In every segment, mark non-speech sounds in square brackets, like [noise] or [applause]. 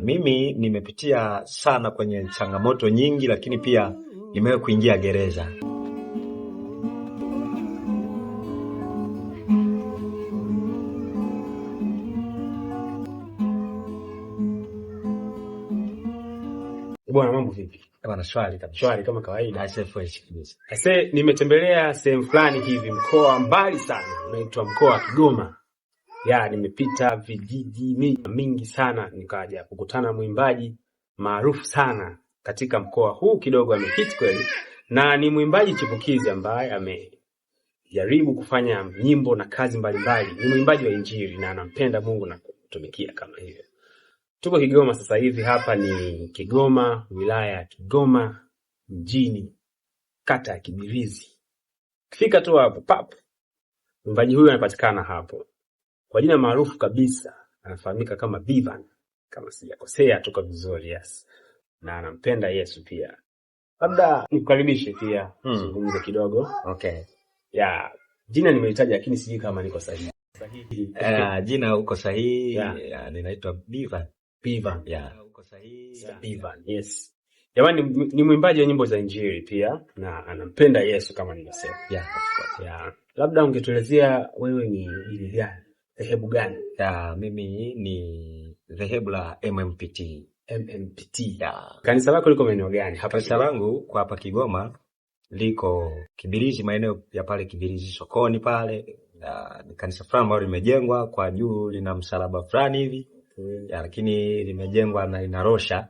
Mimi nimepitia sana kwenye changamoto nyingi, lakini pia nimewahi kuingia gereza. Bwana, mambo vipi? Eh, bwana, shwari kabisa. Shwari kama kawaida. Sasa nimetembelea sehemu fulani hivi mkoa mbali sana unaitwa mkoa wa Kigoma. Ya, nimepita vijiji mingi sana nikaja kukutana mwimbaji maarufu sana katika mkoa huu, kidogo amehit kweli, na ni mwimbaji chipukizi ambaye amejaribu kufanya nyimbo na kazi mbalimbali. Ni mwimbaji wa Injili na anampenda Mungu na kutumikia kama hivyo. Tuko Kigoma sasa hivi, hapa ni Kigoma, wilaya ya Kigoma mjini, kata ya Kibirizi. Ukifika tu hapo pap, mvaji huyu anapatikana hapo kwa jina maarufu kabisa, anafahamika kama Bivan kama sijakosea, tuko vizuri yes, na anampenda Yesu pia. Labda nikukaribishe pia zungumze hmm, kidogo okay. ya jina nimelitaja lakini sijui kama niko sahihi. Sahihi. Uh, eh, jina uko sahihi yeah. Yeah, ninaitwa Bivan Pivan, yeah. Pivan, yes. Jamani ni mwimbaji wa nyimbo za Injili pia na anampenda Yesu kama nilivyosema. Yeah, of course. Yeah. Labda ungetuelezea wewe ni dini gani? Dhehebu gani? Yeah, mimi ni dhehebu la MMPT. MMPT. Yeah. Kanisa lako liko maeneo gani? Hapa kanisa langu kwa hapa Kigoma liko Kibirizi, maeneo ya pale Kibirizi sokoni pale. Ni kanisa fulani ambalo limejengwa kwa juu lina msalaba fulani hivi Mm-hmm. ya, lakini limejengwa na linarosha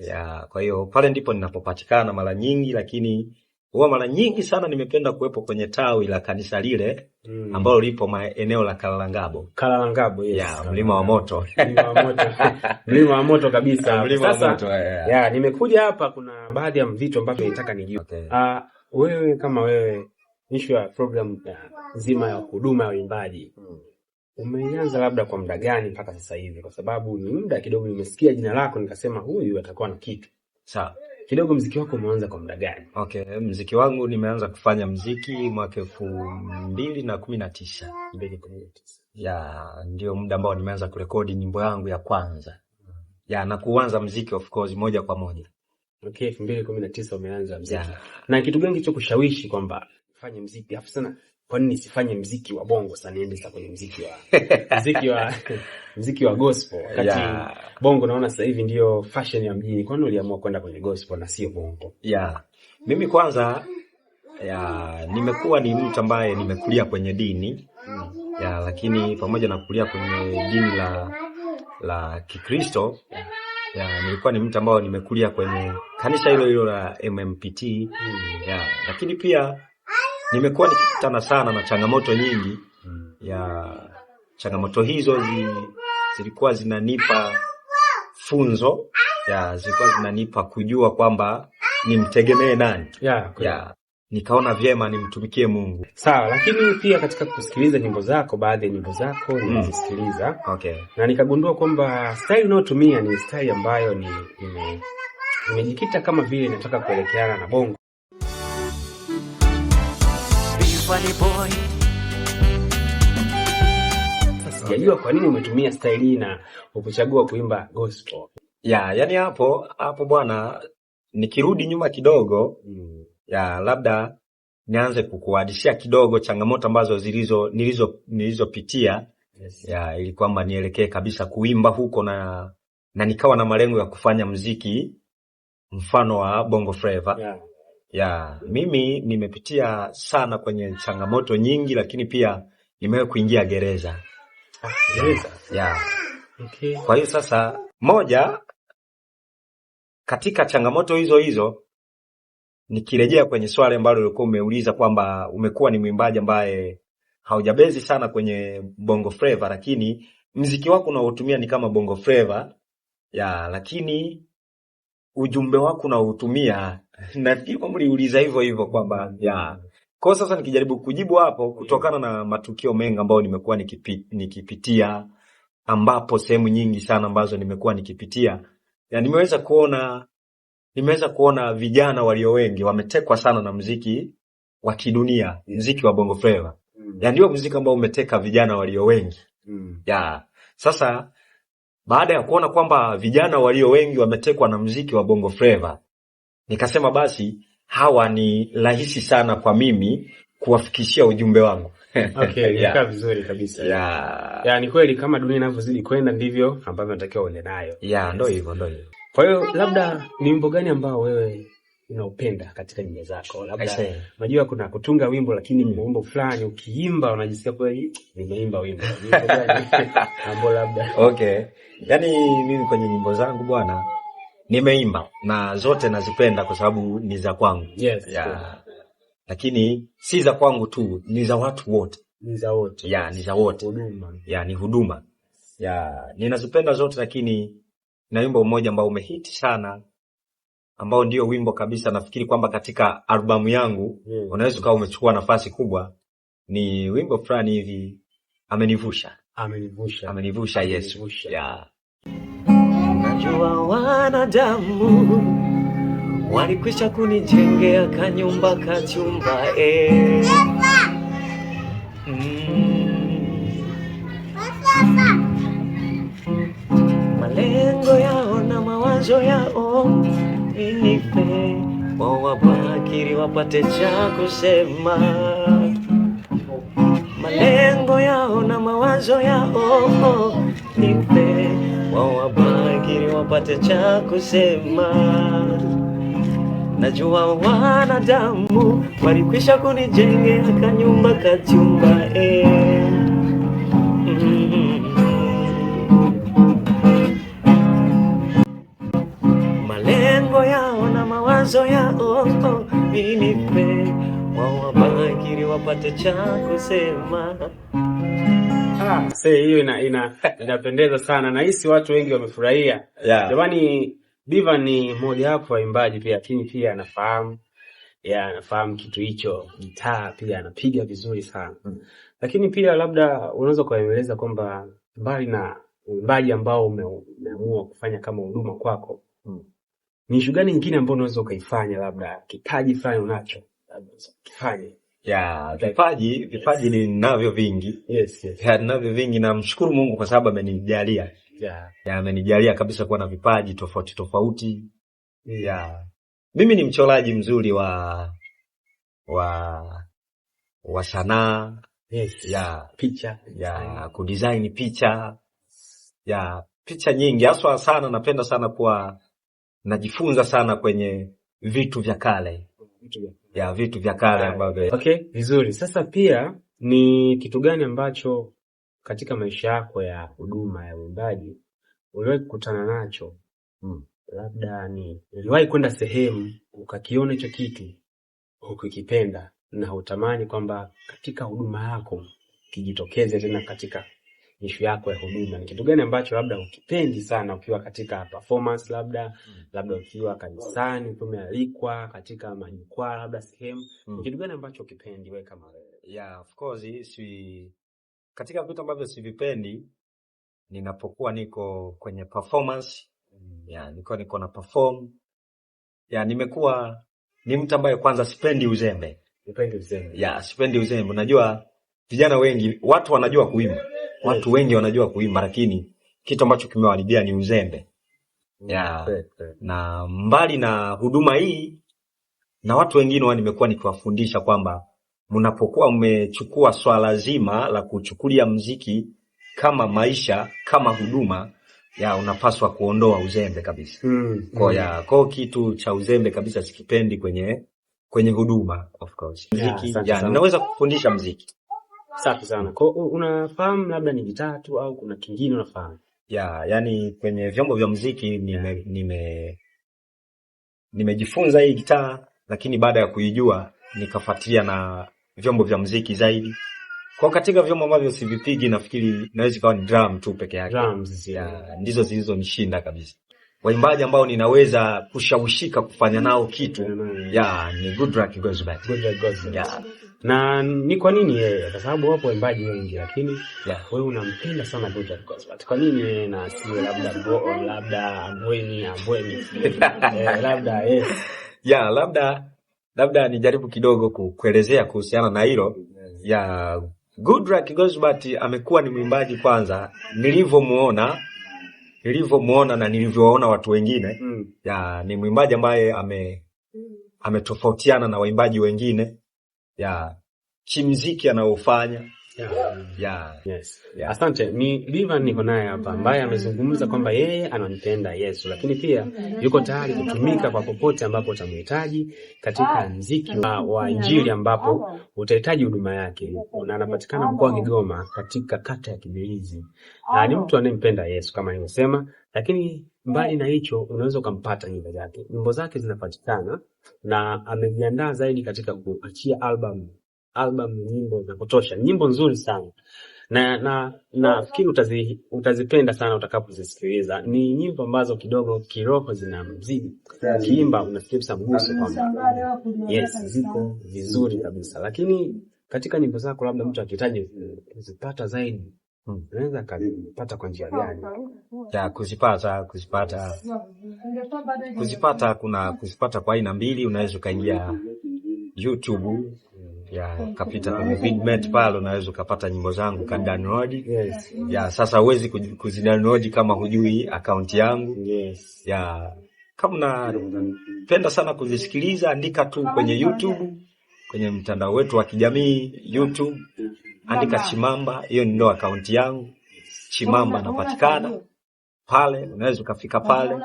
ya, kwa hiyo pale ndipo ninapopatikana mara nyingi, lakini huwa mara nyingi sana nimependa kuwepo kwenye tawi la kanisa lile mm. ambalo lipo maeneo la Kalalangabo. Kalalangabo, yes. Ya, mlima wa moto. [laughs] Mlima wa moto. [laughs] Mlima wa moto kabisa. [laughs] Mlima wa moto, yeah. Ya, nimekuja hapa kuna baadhi ya vitu ambavyo nitaka nijue. Okay. Uh, wewe kama wewe issue ya program nzima ya huduma ya uimbaji. mm umeanza labda kwa muda gani mpaka sasa hivi? Kwa sababu ni muda kidogo, nimesikia jina lako nikasema huyu atakuwa na kitu. Sawa, kidogo mziki wako umeanza kwa muda gani? Okay, mziki wangu nimeanza kufanya mziki mwaka elfu mbili na kumi na tisa ya ndio muda ambao nimeanza kurekodi nyimbo yangu ya kwanza ya na kuanza mziki of course moja kwa moja. Okay, elfu mbili kumi na tisa umeanza mziki ya. Na kitu gani kilichokushawishi kwamba fanye mziki afu sana kwa nini nisifanye mziki wa bongo sasa niende sasa kwenye mziki wa [laughs] mziki wa mziki wa gospel kati yeah. bongo naona sasa hivi ndio fashion ya mjini. Kwa nini uliamua kwenda kwenye gospel na sio bongo? Yeah. Mimi kwanza ya nimekuwa ni mtu ambaye nimekulia kwenye dini mm. ya lakini pamoja na kulia kwenye dini la la Kikristo Ya, nilikuwa ni mtu ambaye nimekulia kwenye kanisa hilo hilo la MMPT mm. ya, lakini pia nimekuwa nikikutana sana na changamoto nyingi mm. ya changamoto hizo zi, zilikuwa zinanipa funzo ya zilikuwa zinanipa kujua kwamba nimtegemee nani yeah, ya Nikaona vyema nimtumikie Mungu. Sawa, lakini pia katika kusikiliza nyimbo zako, baadhi ya nyimbo zako nilizisikiliza mm. okay. na nikagundua kwamba style unayotumia ni style ambayo ni imejikita kama vile inataka kuelekeana na bongo Sijajua kwa nini umetumia staili hii na ukuchagua kuimba gospel. Ya, yani hapo hapo bwana, nikirudi nyuma kidogo mm. ya labda nianze kukuhadishia kidogo changamoto ambazo zilizo nilizo nilizopitia yes. ya ili kwamba nielekee kabisa kuimba huko na na nikawa na malengo ya kufanya mziki mfano wa Bongo Flava yeah. Ya, mimi nimepitia sana kwenye changamoto nyingi lakini pia nimewahi kuingia gereza. Gereza. Ya. Okay. Kwa hiyo sasa moja katika changamoto hizo hizo nikirejea kwenye swali ambalo ulikuwa umeuliza kwamba umekuwa ni mwimbaji ambaye haujabezi sana kwenye Bongo Flava lakini mziki wako unaotumia ni kama Bongo Flava. Ya, lakini ujumbe wako unautumia. Nafikiri kwamba uliuliza hivyo hivyo kwamba ya kwa sasa nikijaribu kujibu hapo kutokana na matukio mengi ambayo nimekuwa nikipi, nikipitia ambapo sehemu nyingi sana ambazo nimekuwa nikipitia ya, nimeweza kuona nimeweza kuona vijana walio wengi wametekwa sana na mziki wa kidunia, mziki wa Bongo Flava mm. ya ndio mziki ambao umeteka vijana walio wengi mm. ya sasa baada ya kuona kwamba vijana walio wengi wametekwa na mziki wa Bongo Flava, nikasema basi hawa ni rahisi sana kwa mimi kuwafikishia ujumbe wangu. [laughs] Okay, [laughs] yeah. Vizuri kabisa. Yeah. Yeah, ni kweli kama dunia inavyozidi kwenda ndivyo ambavyo natakiwa uende nayo. Yeah, ndo Ndio hivyo, ndio hivyo. Kwa hiyo labda ni wimbo gani ambao wewe unaopenda katika nyimbo zako. Labda unajua kuna kutunga wimbo lakini mm. wimbo fulani ukiimba unajisikia kwa nimeimba wimbo. [laughs] Mambo labda. Okay. Yani mimi kwenye nyimbo zangu bwana nimeimba na zote nazipenda kwa sababu ni za kwangu. Yes. Yeah. Lakini si za kwangu tu, ni za watu wote. Ni za wote. ya, ni za wote. Huduma. Ya, ni huduma. ya, ninazipenda zote lakini na wimbo mmoja ambao umehiti sana ambao ndio wimbo kabisa nafikiri kwamba katika albamu yangu mm. unaweza ukawa umechukua nafasi kubwa, ni wimbo fulani hivi amenivusha, amenivusha, amenivusha Yesu yeah. Najua wanadamu walikwisha kunijengea kanyumba kachumba eh. mm. malengo yao na mawazo yao kwa wabakiri wapate cha kusema, malengo yao na mawazo yao, nipe wabakiri wapate cha kusema. Najua wanadamu walikwisha kunijengea kanyumba kachumba, eh mazoya oh, oh, inipe wawabagiri wapate cha kusema. Ah, hiyo ina, ina, inapendeza sana na watu wengi wamefurahia jamani, yeah. Diva ni mmoja wapo waimbaji pia, lakini pia anafahamu ya anafahamu kitu hicho, gitaa pia anapiga vizuri sana mm. Lakini pia labda unaweza ukaeleza kwamba mbali na uimbaji ambao umeamua kufanya kama huduma kwako ni ishu gani nyingine ambayo unaweza ukaifanya, labda kipaji fulani unacho kifanye? Ya, vipaji vipaji yes. Ninavyo vingi yes, yes. Ya, ninavyo vingi, namshukuru Mungu kwa sababu amenijalia yeah. amenijalia kabisa kuwa na vipaji tofauti tofauti yeah. Yeah. mimi ni mchoraji mzuri wa wa wa sanaa yes. Yeah. picha ya kudesign picha ya picha nyingi haswa sana, napenda sana kuwa najifunza sana kwenye vitu vya kale ya vitu vya kale ambavyo. Okay, vizuri. Sasa pia ni kitu gani ambacho katika maisha yako ya huduma ya uimbaji uliwahi kukutana nacho? hmm. Labda ni uliwahi kwenda sehemu ukakiona hicho kitu ukikipenda na utamani kwamba katika huduma yako kijitokeze tena katika ishu yako ya huduma ni kitu gani ambacho labda ukipendi sana ukiwa katika performance, labda hmm. labda ukiwa kanisani, ukiwa umealikwa katika majukwaa, labda sehemu mm. ni hmm. kitu gani ambacho ukipendi wewe kama wewe? yeah, of course si katika vitu ambavyo sivipendi ninapokuwa niko kwenye performance mm. yeah, niko niko na perform yeah, nimekuwa ni mtu ambaye kwanza sipendi uzembe, sipendi uzembe yeah, sipendi uzembe. Unajua vijana wengi watu wanajua kuimba Watu wengi wanajua kuimba, lakini kitu ambacho kimewaribia ni uzembe yeah. Na mbali na huduma hii na watu wengine wa nimekuwa nikiwafundisha kwamba mnapokuwa mmechukua swala zima la kuchukulia mziki kama maisha kama huduma ya unapaswa kuondoa uzembe kabisa. Mm, kwa ya kwa kitu cha uzembe kabisa sikipendi kwenye kwenye huduma of course. Mziki yeah, ya, ninaweza kufundisha mziki Safi sana. Kwa unafahamu labda ni vitatu au kuna kingine unafahamu? Ya, yani kwenye vyombo vya muziki nime, nime nimejifunza hii gitaa lakini baada ya kuijua nikafuatilia na vyombo vya muziki zaidi. Kwa katika vyombo ambavyo sivipigi nafikiri naweza kawa ni drum tu peke yake. Drums, yeah. Ndizo zilizonishinda kabisa waimbaji ambao ninaweza kushawishika kufanya nao kitu yeah, ni Goodluck Gozbert. Goodluck Gozbert. Yeah. Na ni kwa nini yeye? Kwa sababu wapo waimbaji wengi, lakini yeah, wewe unampenda sana Goes Back. Kwa nini yeye na sio labda Go, labda Ambweni, Ambweni [laughs] eh, labda yes. Yeah, labda labda nijaribu kidogo kukuelezea kuhusiana na hilo ya Luck Goes Back amekuwa ni mwimbaji kwanza nilivyomuona nilivyomuona na nilivyowaona watu wengine mm. ya, ni mwimbaji ambaye ame ametofautiana na waimbaji wengine ya kimziki anaofanya Asante. Ni Liva niko naye hapa ambaye amezungumza kwamba yeye anampenda Yesu, lakini pia yuko tayari kutumika kwa popote ambapo utamhitaji katika ah. mziki wa, wa Injili ambapo ah. utahitaji huduma yake, na anapatikana mkoa wa Kigoma katika kata ya Kibirizi, na ni ah. mtu anayempenda Yesu kama nilivyosema, lakini mbali na hicho unaweza ukampata nyimbo zake. Nyimbo zake zinapatikana na amejiandaa zaidi katika kuachia albamu album nyimbo za kutosha, nyimbo nzuri sana na na nafikiri utazi, utazipenda sana utakapozisikiliza. Ni nyimbo ambazo kidogo kiroho zina mzigo, kiimba unafikiri mguso kwamba yes, ziko vizuri kabisa, lakini katika nyimbo zako labda mtu akihitaji kuzipata zaidi unaweza hmm, kwa njia gani ya kuzipata? Kuzipata, kuzipata kuna kuzipata kwa aina mbili. Unaweza ukaingia YouTube ya kapita kwenye vidmet pale, unaweza ukapata nyimbo zangu kadownload. Yes. Ya sasa huwezi kuzidownload kama hujui akaunti yangu. Yes. Ya kama unapenda sana kuzisikiliza, andika tu kwenye YouTube, kwenye mtandao wetu wa kijamii YouTube, andika Chimamba, hiyo ndio akaunti yangu. Chimamba anapatikana pale, unaweza ukafika pale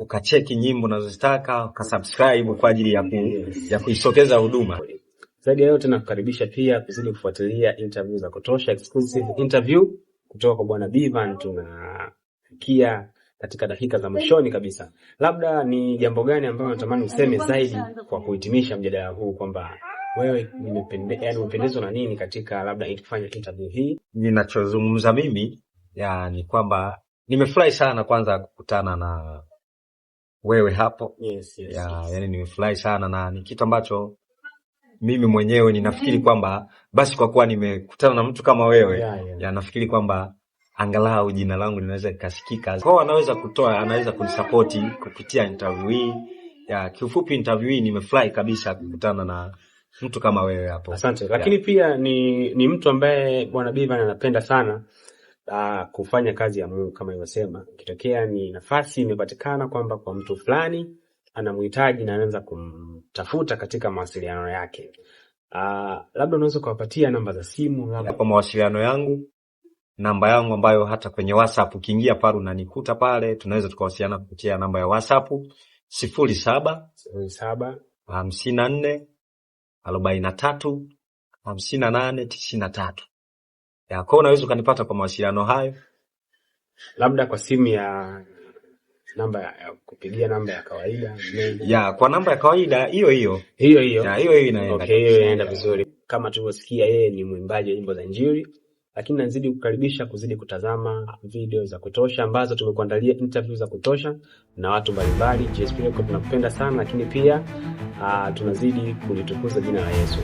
ukacheki nyimbo unazozitaka ukasubscribe kwa ajili ya, ku, ya kuisokeza huduma. Zaidi ya yote nakukaribisha pia kuzidi kufuatilia interview za kutosha, exclusive interview kutoka kwa Bwana Bivan. Tunafikia katika dakika za mwishoni kabisa, labda ni jambo gani ambalo natamani useme zaidi kwa kuhitimisha mjadala huu kwamba wewe yaani umependezwa na nini katika labda kufanya interview hii? Ninachozungumza mimi ya, ni kwamba nimefurahi sana kwanza kukutana na wewe hapo. Yes, yes, ya, yes. Yani nimefurahi sana na ni kitu ambacho mimi mwenyewe ninafikiri kwamba basi kwa kuwa nimekutana na mtu kama wewe yeah, yeah. nafikiri kwamba angalau jina langu linaweza likasikika kwao, anaweza kutoa, anaweza kunisapoti kupitia interview hii ya kiufupi. Interview hii nimefurahi kabisa kukutana na mtu kama wewe hapo, asante. Lakini pia ni, ni mtu ambaye bwana Bivan anapenda sana uh, kufanya kazi ya Mungu kama ilivyosema, kitokea ni nafasi imepatikana kwamba kwa mtu fulani anamhitaji na anaweza kumtafuta katika mawasiliano yake. Uh, labda unaweza kuwapatia namba za simu labda kwa mawasiliano yangu, namba yangu ambayo hata kwenye WhatsApp ukiingia pale unanikuta pale, tunaweza tukawasiliana kupitia namba ya WhatsApp sifuri saba sifuri saba hamsini na nne arobaini na tatu hamsini na nane tisini na tatu. Kwa unaweza ukanipata kwa mawasiliano hayo, labda kwa simu ya namba ya kupigia namba ya kawaida ya kwa namba ya kawaida hiyo hiyo hiyo hiyo hiyo hiyo inaenda okay, hiyo inaenda vizuri. Kama tulivyosikia, yeye ni mwimbaji wa nyimbo za Injili, lakini nazidi kukaribisha kuzidi kutazama video za kutosha ambazo tumekuandalia interview za kutosha na watu mbalimbali. JSP tunakupenda sana, lakini pia uh, tunazidi kulitukuza jina la Yesu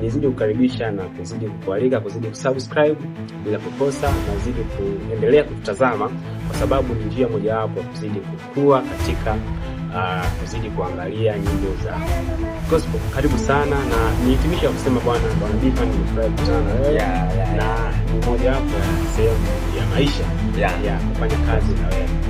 nizidi kukaribisha na kuzidi kukualika kuzidi kusubscribe bila kukosa, nazidi kuendelea kututazama kwa sababu ni njia mojawapo ya kuzidi kukua katika uh, kuzidi kuangalia nyimbo za gospel. Karibu sana, na nihitimisha kwa kusema bwana bwana Bivan, nimefurahi kukutana na wewe na ni mojawapo ya sehemu ya maisha ya kufanya kazi na wewe.